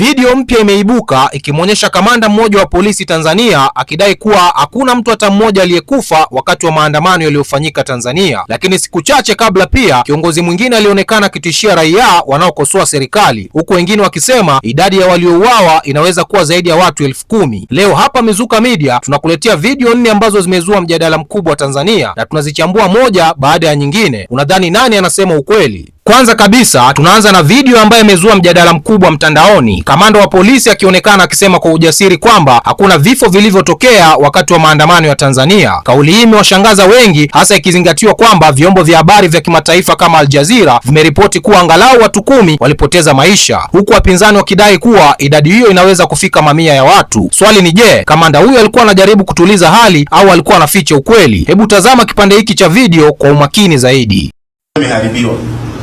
Video mpya imeibuka ikimwonyesha kamanda mmoja wa polisi Tanzania akidai kuwa hakuna mtu hata mmoja aliyekufa wakati wa maandamano yaliyofanyika Tanzania, lakini siku chache kabla pia kiongozi mwingine alionekana akitishia raia wanaokosoa serikali, huku wengine wakisema idadi ya waliouawa inaweza kuwa zaidi ya watu elfu kumi. Leo hapa Mizuka Media tunakuletea video nne ambazo zimezua mjadala mkubwa wa Tanzania na tunazichambua moja baada ya nyingine. Unadhani nani anasema ukweli? Kwanza kabisa tunaanza na video ambayo imezua mjadala mkubwa mtandaoni, kamanda wa polisi akionekana akisema kwa ujasiri kwamba hakuna vifo vilivyotokea wakati wa maandamano ya Tanzania. Kauli hii imewashangaza wengi, hasa ikizingatiwa kwamba vyombo vya habari vya kimataifa kama Al Jazeera vimeripoti kuwa angalau watu kumi walipoteza maisha, huku wapinzani wakidai kuwa idadi hiyo inaweza kufika mamia ya watu. Swali ni je, kamanda huyo alikuwa anajaribu kutuliza hali au alikuwa anaficha ukweli? Hebu tazama kipande hiki cha video kwa umakini zaidi. Imeharibiwa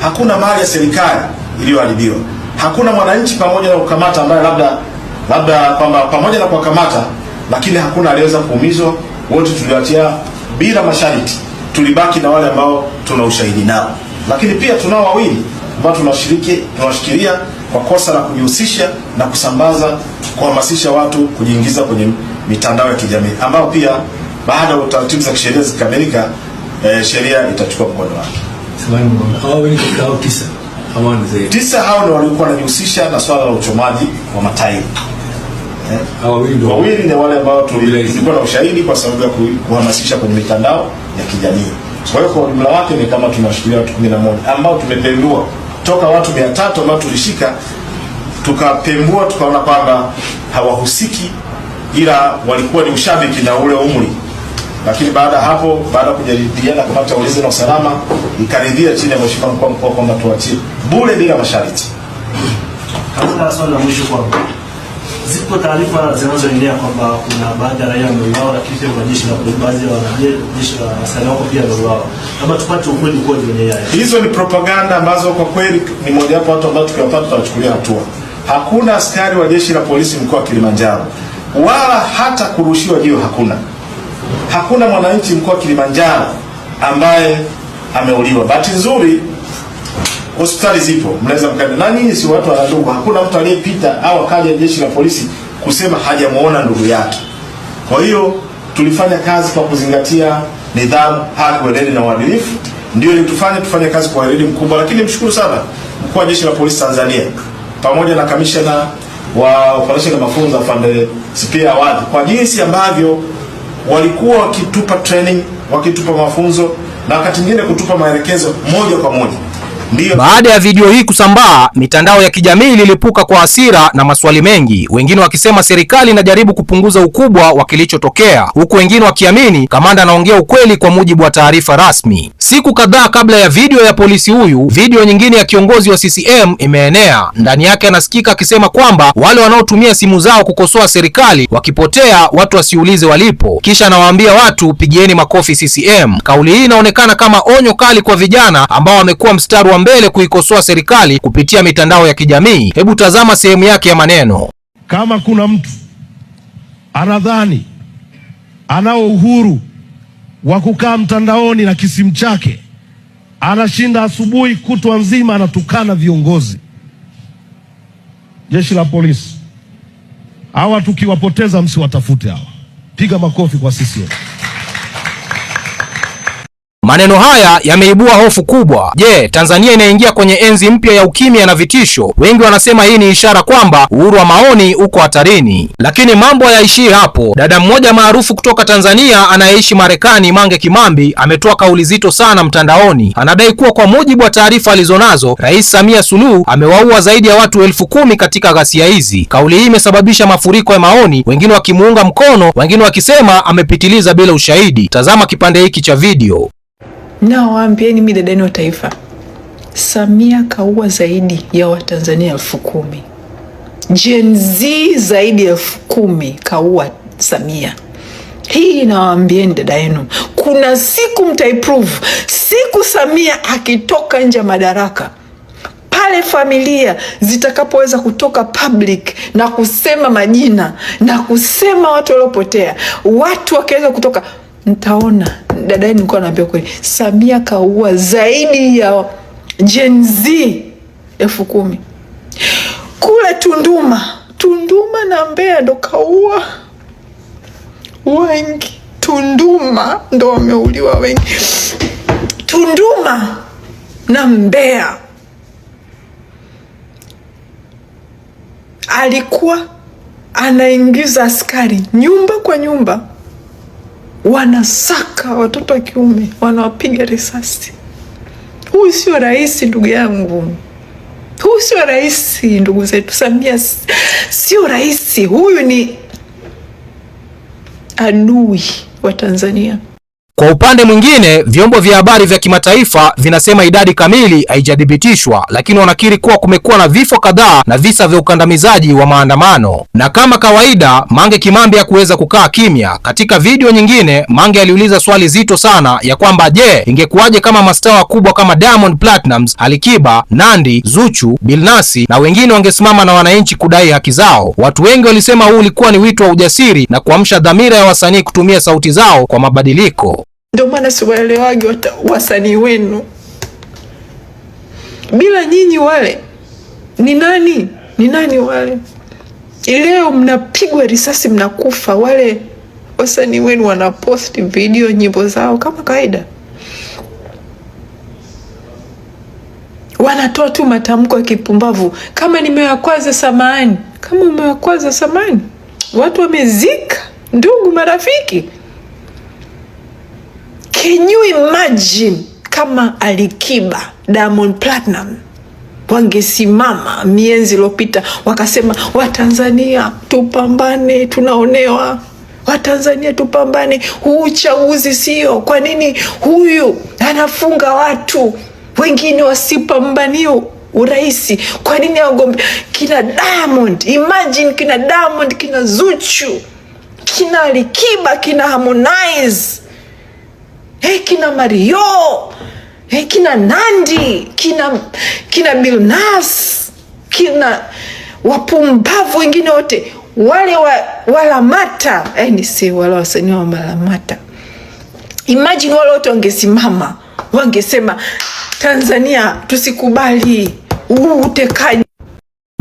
hakuna mali ya serikali iliyoharibiwa. Hakuna mwananchi pamoja na kukamata ambaye labda labda kwamba pamoja na kuwakamata, lakini hakuna aliweza kuumizwa. Wote tuliwatia bila masharti, tulibaki na wale ambao tuna ushahidi nao, lakini pia tunao wawili ambao tunashiriki tunawashikilia kwa kosa la kujihusisha na kusambaza, kuhamasisha watu kujiingiza kwenye mitandao ya kijamii, ambao pia baada ya taratibu za kisheria zikikamilika, eh, sheria itachukua mkono wake tisa hao ndio waliokuwa wanajihusisha na swala la uchomaji wa matairi eh? wawili ni wale ambao tulikuwa na ushahidi kwa sababu ya kuhamasisha kwenye mitandao ya kijamii. Kwa hiyo kwa ujumla wake ni kama tunawashikilia watu 11 ambao tumepembua toka watu 300 ambao tulishika, tukapembua tukaona kwamba hawahusiki, ila walikuwa ni ushabiki na ule umri lakini baada ya hapo, baada ya kujadiliana kama ulinzi na usalama, nikaridhia chini ya mheshimiwa mkuu wa mkoa kwamba tuachie bure bila masharti. Katika swali la mwisho kwa zipo taarifa zinazoendelea kwamba kuna baadhi ya raia wameuawa, lakini pia kuna jeshi la baadhi ya wanajeshi la askari wako pia wameuawa. Labda tupate ukweli kwa kwenye yale. Hizo ni propaganda ambazo kwa kweli ni moja wapo watu ambao tukiwapata tutawachukulia hatua. Hakuna askari wa jeshi la polisi mkoa wa Kilimanjaro wala hata kurushiwa jiwe hakuna hakuna mwananchi mkoa wa Kilimanjaro ambaye ameuliwa. Bahati nzuri hospitali zipo, mnaweza mkaenda na nini, si watu wa ndugu. Hakuna mtu aliyepita au akaja jeshi la polisi kusema hajamuona ndugu yake. Kwa hiyo tulifanya kazi kwa kuzingatia nidhamu, haki, weledi na uadilifu, ndio ilitufanya tufanye kazi kwa weledi mkubwa. Lakini mshukuru sana mkuu wa jeshi la polisi Tanzania pamoja na kamishna wa operesheni na mafunzo afande Spia Awadi kwa jinsi ambavyo walikuwa wakitupa training, wakitupa mafunzo na wakati mwingine kutupa maelekezo moja kwa moja. Baada ya video hii kusambaa, mitandao ya kijamii ililipuka kwa hasira na maswali mengi, wengine wakisema serikali inajaribu kupunguza ukubwa wa kilichotokea, huku wengine wakiamini kamanda anaongea ukweli kwa mujibu wa taarifa rasmi. Siku kadhaa kabla ya video ya polisi huyu, video nyingine ya kiongozi wa CCM imeenea. Ndani yake anasikika akisema kwamba wale wanaotumia simu zao kukosoa serikali wakipotea, watu wasiulize walipo, kisha anawaambia watu pigieni makofi CCM. Kauli hii inaonekana kama onyo kali kwa vijana ambao wamekuwa mstari wa mbele kuikosoa serikali kupitia mitandao ya kijamii. Hebu tazama sehemu yake ya maneno. Kama kuna mtu anadhani anao uhuru wa kukaa mtandaoni na kisimu chake, anashinda asubuhi kutwa nzima anatukana viongozi, jeshi la polisi, hawa tukiwapoteza msiwatafute hawa. Piga makofi kwa sisi. Maneno haya yameibua hofu kubwa. Je, Tanzania inaingia kwenye enzi mpya ya ukimya na vitisho? Wengi wanasema hii ni ishara kwamba uhuru wa maoni uko hatarini, lakini mambo hayaishii hapo. Dada mmoja maarufu kutoka Tanzania anayeishi Marekani, Mange Kimambi, ametoa kauli zito sana mtandaoni. Anadai kuwa kwa mujibu wa taarifa alizonazo, Rais Samia Suluhu amewaua zaidi ya watu elfu kumi katika ghasia hizi. Kauli hii imesababisha mafuriko ya maoni, wengine wakimuunga mkono, wengine wakisema amepitiliza bila ushahidi. Tazama kipande hiki cha video na waambieni mi dada yenu wa taifa, Samia kaua zaidi ya Watanzania elfu kumi Gen Z zaidi ya elfu kumi kaua Samia. Hii nawaambieni dada yenu, kuna siku mtaiprove. Siku Samia akitoka nje ya madaraka pale, familia zitakapoweza kutoka public na kusema majina na kusema watu waliopotea, watu wakiweza kutoka ntaona. Dadae nilikuwa naambia kweli, Samia kaua zaidi ya Gen Z elfu kumi kule Tunduma, Tunduma na Mbeya ndo kaua wengi. Tunduma ndo wameuliwa wengi, Tunduma na Mbeya. Alikuwa anaingiza askari nyumba kwa nyumba wanasaka watoto wa kiume, wanawapiga risasi. Huyu sio rais, ndugu yangu, huyu sio rais, ndugu zetu. Samia sio rais, huyu ni adui wa Tanzania. Kwa upande mwingine, vyombo vya habari vya kimataifa vinasema idadi kamili haijathibitishwa, lakini wanakiri kuwa kumekuwa na vifo kadhaa na visa vya ukandamizaji wa maandamano. Na kama kawaida, Mange Kimambi hakuweza kukaa kimya. Katika video nyingine, Mange aliuliza swali zito sana ya kwamba je, ingekuwaje kama mastaa wakubwa kama Diamond Platnumz, Alikiba, Nandi, Zuchu, Bilnasi na wengine wangesimama na wananchi kudai haki zao. Watu wengi walisema huu ulikuwa ni wito wa ujasiri na kuamsha dhamira ya wasanii kutumia sauti zao kwa mabadiliko. Ndio maana siwaelewagi wasanii wenu. Bila nyinyi wale ni nani? Ni nani wale? Leo mnapigwa risasi, mnakufa, wale wasanii wenu wanaposti video nyimbo zao kama kawaida, wanatoa tu matamko ya kipumbavu, kama nimewakwaza samani, kama umewakwaza samani. Watu wamezika ndugu, marafiki. Can you imagine kama Alikiba Diamond Platinum wangesimama mienzi iliyopita wakasema, Watanzania tupambane, tunaonewa. Watanzania tupambane, huu uchaguzi sio. Kwa nini huyu anafunga watu wengine wasipambanie uraisi? Kwa nini agombe kina Diamond? Imagine kina Diamond, kina Zuchu, kina Alikiba, kina Harmonize hey, kina Mario hey, kina Nandi kina, kina Bilnas kina wapumbavu wengine wote wale wa, walamata hey, eh, ni si wale wasanii wa malamata. Imagine wale wote wangesimama wangesema Tanzania tusikubali huu utekaji.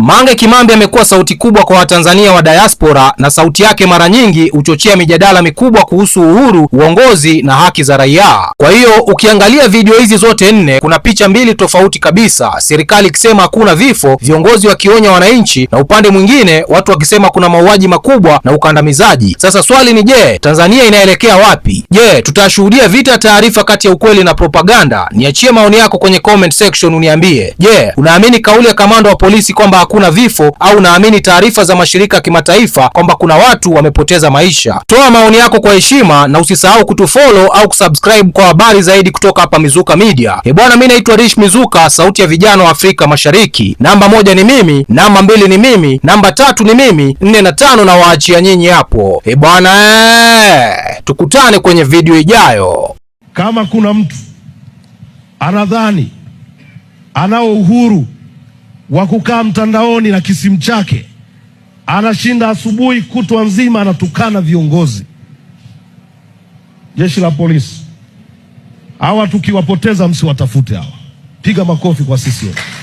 Mange Kimambi amekuwa sauti kubwa kwa Watanzania wa diaspora na sauti yake mara nyingi huchochea mijadala mikubwa kuhusu uhuru, uongozi na haki za raia. Kwa hiyo ukiangalia video hizi zote nne, kuna picha mbili tofauti kabisa, serikali ikisema hakuna vifo, viongozi wakionya wananchi, na upande mwingine watu wakisema kuna mauaji makubwa na ukandamizaji. Sasa swali ni je, Tanzania inaelekea wapi? Je, tutashuhudia vita ya taarifa kati ya ukweli na propaganda? Niachie maoni yako kwenye comment section uniambie. Je, unaamini kauli ya kamanda wa polisi kwamba kuna vifo au naamini taarifa za mashirika ya kimataifa kwamba kuna watu wamepoteza maisha. Toa maoni yako kwa heshima na usisahau kutufollow au kusubscribe kwa habari zaidi kutoka hapa Mizuka Media. Eh bwana, mimi naitwa Rish Mizuka, sauti ya vijana wa Afrika Mashariki. Namba moja ni mimi, namba mbili ni mimi, namba tatu ni mimi, nne na tano na waachia nyinyi hapo. Eh bwana, eh, tukutane kwenye video ijayo. Kama kuna mtu anadhani anao uhuru wa kukaa mtandaoni na kisimu chake anashinda asubuhi kutwa nzima anatukana viongozi jeshi la polisi. Hawa tukiwapoteza msiwatafute hawa. Piga makofi kwa sisi.